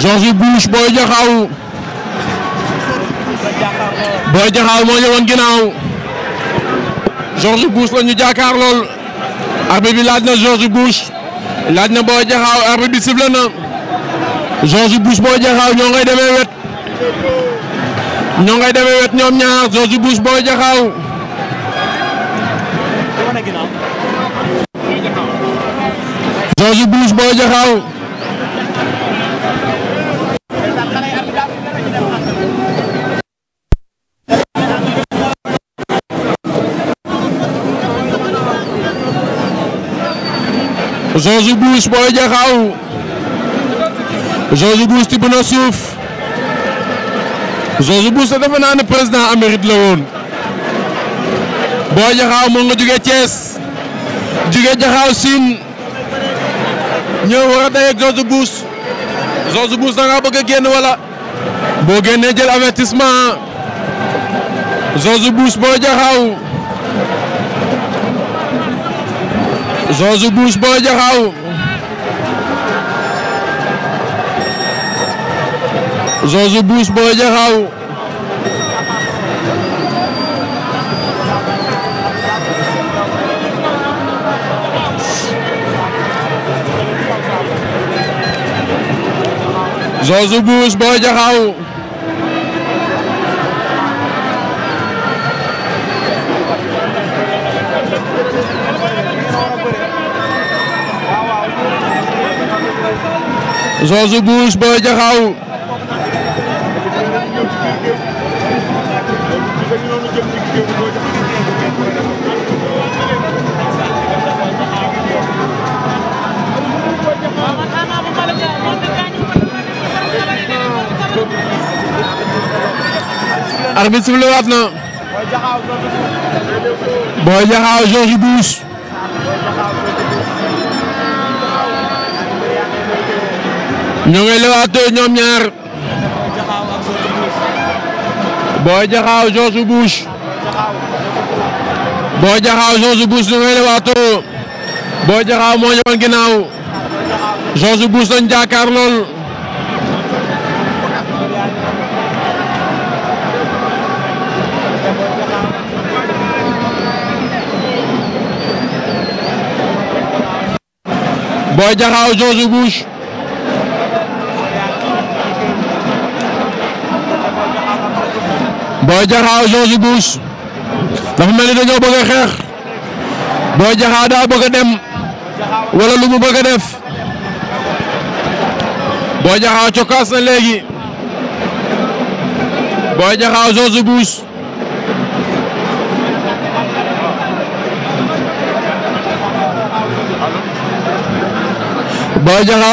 George Bush Boy Jaxaaw Boy Jaxaaw moo ñëwoon ginnaaw George Bush la ñu jàkkaar lool arbitre bi laaj na George Bush laaj na Boy Jaxaaw arbitre bi sifflé na George Bush Boy ñoo ngay demee wet ñoo ngay demee wet ñoom ñaar George Bush Boy Jaxaaw Jaxaaw George Bush Boy Diakhao George Bush tibb na suuf George Bush te defe naa ne président Amérique la woon Boy Diakhao moo nga jógee Thiès jógee Diakhao Sine ñëw war a daje ak George Bush George Bush da ngaa bëgg a génn wala boo génnee jël avertissement George Bush Boy Diakhao George Bush Boy Jaxaaw George Bush Boy Jaxaaw George Bush Boy Jaxaaw George Bush Boy Jaxaw arbitre bi la waat na Boy Jaxaw George Bush ñu ngi lewaatoo ñoom ñaar Boy Jaxaaw George Bush Boy Jaxaaw George Bush ñu ngi lewaatoo Boy Jaxaaw moo ñëwoon ginnaaw George Bush lañ jàkkaar lool Boy Jaxaaw George Bush Boy Diakha George Bush dafa mel ni dañoo bëgg a xeex Boy Diakha daa bëgg a dem wala lu mu bëgg a def Boy Diakha cokkaas na léegi Boy Diakha George Bush Boy Diakha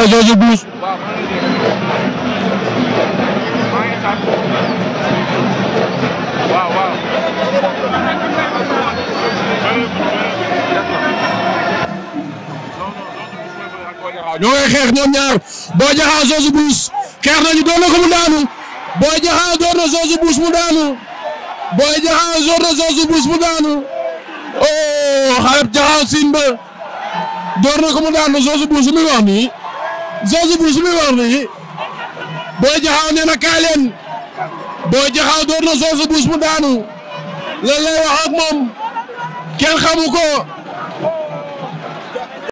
waaw ñoo ngay xeex ñaar Boy Jaxaar George Bush nañu doon ko mu daanu Boy Jaxaar door na mu daanu Boy Jaxaar door na George Bush mu daanu oh xale mu daanu George Bush na kaay leen Boy Jaxaar door mu daanu lan lay wax moom kenn xamu ko.